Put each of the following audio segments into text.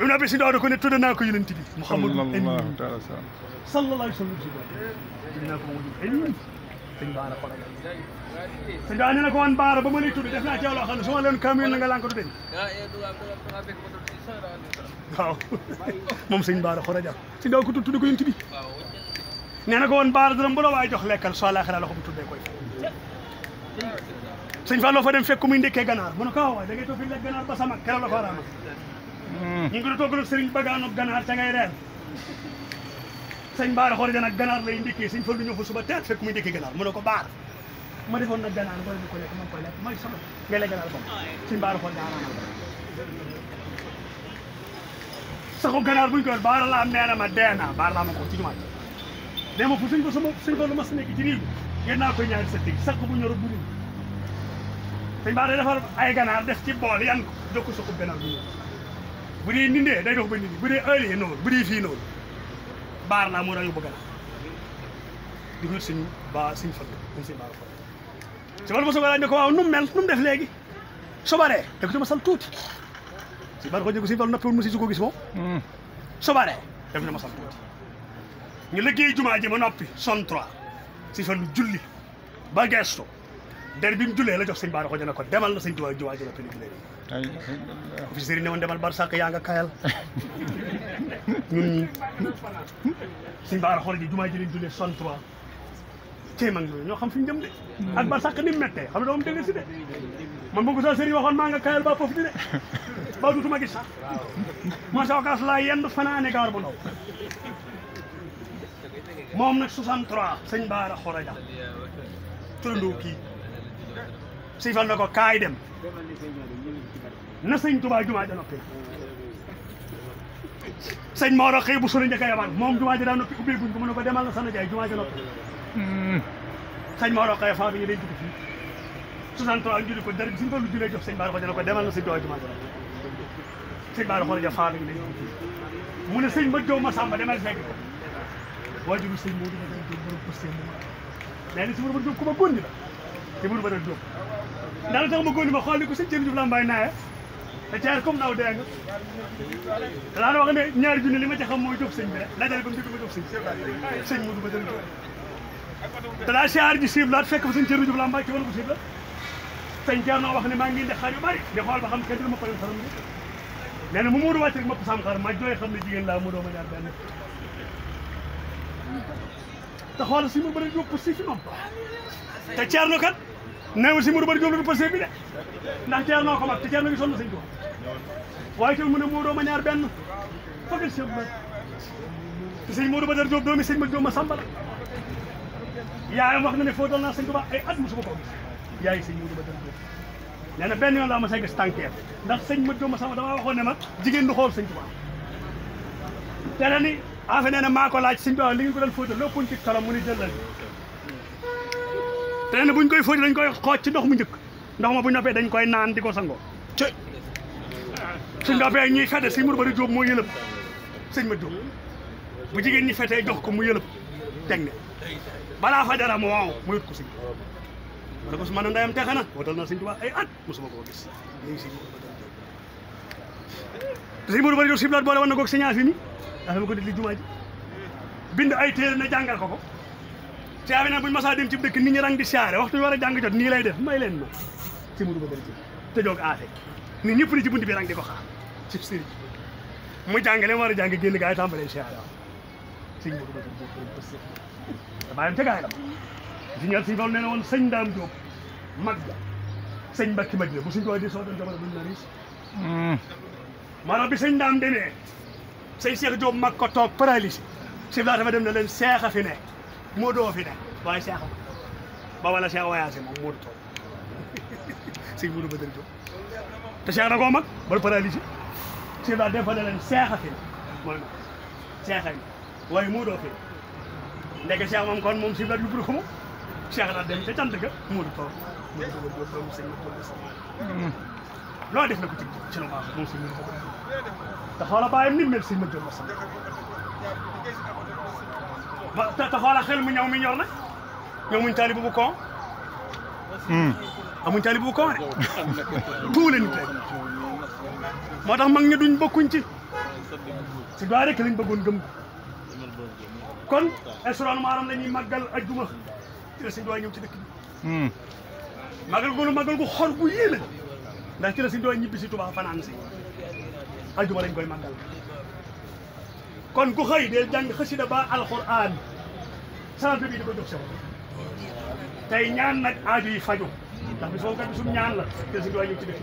Ibn Abi Sina da ko ne tudd naa ko yonent bi Muhammadu sallallahu alayhi wa sallam tudd naa ko wajul sëñ baara xoolal sëñ daa ne na ko wan baara ba ma lay def naa ci yow loo xam ne su ma leen kaamil nga lànk du deñ waaw moom sëñ baara xoolal jàpp sëñ daa ko tudd tudd ko na ko woon baara dërëm bu la jox lekkal soo laaxiraa la ko mu tuddee koy sëñ ko waaw waay ko war a Mm. ñu ngi doon toggal ak sëriñ bagaanoog ganaar ca ngay reer sëñ baara xool nag ganaar lay ndikkee sëñ lu ñëw fa suba teel fekk muy ndikkee ganaar mu ne ko baar ma defoon na ganaar boole bu ko lekk man koy lekk may sama ngay lekk ganaar bam sëñ baara xool daaraama saxu ganaar buñ ko yor baara laa nee na ma dee naa baara laa ma ko ci jumaat nee ma fu sëñ ko sama sëñ Fallu mas nekk ci riigu ngeen naa koy ñaari sa tëg sax bu ñoro bu sëñ baara defar ay ganaar def ci bool yan jokk bu dee nindee day dox ba nindi bu dee ëllëgee noonu bu dee fii noonu baar naa moo daa yóbbu gannaaw di ba suñ fan suñ si baar si man ma soog a ne ko waaw nu mu mel nu def léegi sobaree da ko ma sal tuuti si baar ko jëg suñ fan noppi woon mu si su ko gis moom hmm. sobaree da ko ci ma sal tuuti ñu liggéey jumaa ji ma noppi son trois si fan julli ba gesto der bi mu jullee la jox sëñ Baara ko jëna ko demal na sëñ Tuubaa juwaa ji la pellicule fi sëriñ ne demal bar sàq yaa nga kayal ñun Baara xool ji jumaa ji lañ jullee son trois cey ñoo xam fi ñu jëm de ak bar sàq ni mu méttee xam ne doom dëgg si de man bëgg sa sëriñ waxoon maa nga kayal ba foofu di de ba dutuma gis sax ma sa okas yendu fanaane gaar bu ndaw moom nag 63 sëñ Baara Xoroja turandoo kii siifal na ko kaay dem na sëñ Touba jumaa ja noppi sëñ Maodo xëy bu sunu njëkk a yabaan moom jumaa ja daa noppi ubbi buñ ko mën a ko demal na sana jaay jumaa ja noppi hmm. sëñ Maodo xëy fan bi ñu day dugg fii 63 ñu julli ko dara suñ ko lu jullee jox sëñ Bara ko jëna ko demal na sëñ Touba jumaa ja noppi sëñ Bara xool ja fan bi ñu day mu ne sëñ ma jow ma sàmba demal fekk ko waajuru sëñ Maodo ma dañ ko borom pësee mu nee na si borom jow ku ma góor ñi la te mënu ma doon jóg ndax li tax ma góor ma xool ni ko sëñ Thierno Diouf Lambaye naaya te jaar comme naaw dégg nga daanaka wax ne ñaari junni li ma ci xam mooy jóg sëñ bi rek laajal ba mu jóg ma jóg sëñ sëñ Modou ma doon jóg. te daa siyaar ji siib laat fekk fa sëñ Thierno Diouf Lambaye ci wàllu ko siib la sëñ Thierno wax ne maa ngi indi xar yu bari di xool ba xam kenn du ma ko leen xaram bi nee na mu Modou wàcc rek ma ko saam xar ma jooy xam ne jigéen laa mu dooma jaar benn te xoolal si mu bëri jóg pour si fi moom te Thierno kat néew si mu bëri la lu passé bi de ndax Thierno ko mag te Thierno gi sonn sëñ ko waaye tamit mu ne ma ñaar benn fëgal sëñ ba te sëñ Modou Badara Diop doomi sëñ ma Diop ma Samba la yaayam wax na ne foo dal naa sëñ ko ba ay at mosuma ko gis yaayi sëñ Modou Badara Diop nee na benn yoon laa ma say gis ndax sëñ ma Diop ma Samba damaa waxoon ne ma jigéen du xool sëñ ko ba te ni en nee na maako laaj sëñ bi waaw li ngeen ko doon fóotal lépp puñ ci kalam te nee na buñ koy fóotal dañ koy xooj ci ndox mu njëkk ndox ma bu noppee dañ koy naan di ko sangoo cë suñ nga ñuy fete si mur bari jóob moo yëlëb sëñ ma jóob bu jigéen ñi fetee jox ko mu yëlëb teg ne balaa fa dara mu mu yut ko sëñ ma ne ko su ma ne ko a jóg si bilaat boole woon na koog signace yi dafa ma ko def li jumaa bind ay téere na jàngal ko ko caabi nag buñ masaa dem ci dëkk nit ñi rang di siyaare waxtu war a jàng jot nii lay def may leen ma ci mudu ba bëri te ñëpp ni ci bunt bi rang di ko xaar ci sëriñ mu jàngale war a jàng génn gaa yi tàmbalee siyaare waaw sëñ mudu ba bàyyam si ñor siñ fal nee sëñ ndaam Jóob mag sëñ Mbàkke Madina bu suñ ko di soo doon jamono buñ na riis mm. maanaam bi sëñ ndaam demee سي شيخ جوم ماكو توك باراليس شيخ دار مدام لا شيخ في نه مودو في نه واي شيخ بابا لا شيخ وياسي مو مود توك سي مودو بدل جوم تا شيخ نكو ماك بار باراليس شيخ دار دافا لا شيخ في نه مول شيخ في واي مودو في نك شيخ مام كون موم سي بلاد لو بروخمو شيخ دار دم تا تاندغا مودو توك مودو توك سي مودو توك loo def na ko ci ci lu baax moom sëñ Modou Fadal te xoola bàyyam ni mel sëñ Modou Massa xel mu ñëw mi ñor na ñëw muñ taalibu bu ko amuñ taalibu bu ko de tuule ni tey moo tax mag ñi duñ bokkuñ ci si doy rek lañ bëggoon gëm kon esron maaram la ñuy màggal ajjuma ci la sëñ doy ci dëkk bi hmm. màggal goonu màggal gu xor gu ndax ci la si doon ñibbi si Touba fanaan si ma lañ koy màggal kon ku xey deel jang xasida ba alquran salaatu bi di jox sa tay ñaan nak aaju yi faju ndax bi so ko sum ñaan la te si doon ñu ci dëkk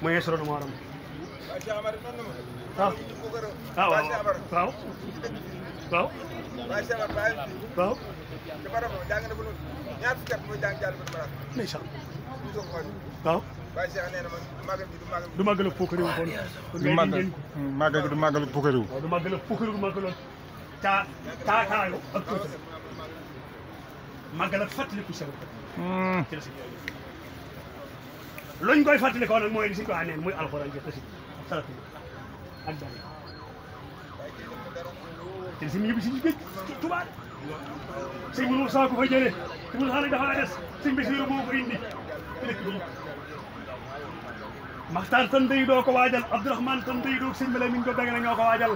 mooy esrono mooram waaw waaw waaw waaw waaw Baye Cheikh nee na magal gi du magal du magalu pokariw kon du magal magal gi du magalu pokariw du magalu pokariw magalu ta taataayu ak tuuti magal ak fàttaliku sew mm. ci la si luñ koy fàttalikoo nag mooy li si ko aneen muy alxuraan jëf si ak ko ko Maxtaar tan day doo ko waajal Abdourahmane tan day doo sëñ Malamine ko dagale ñoo ko waajal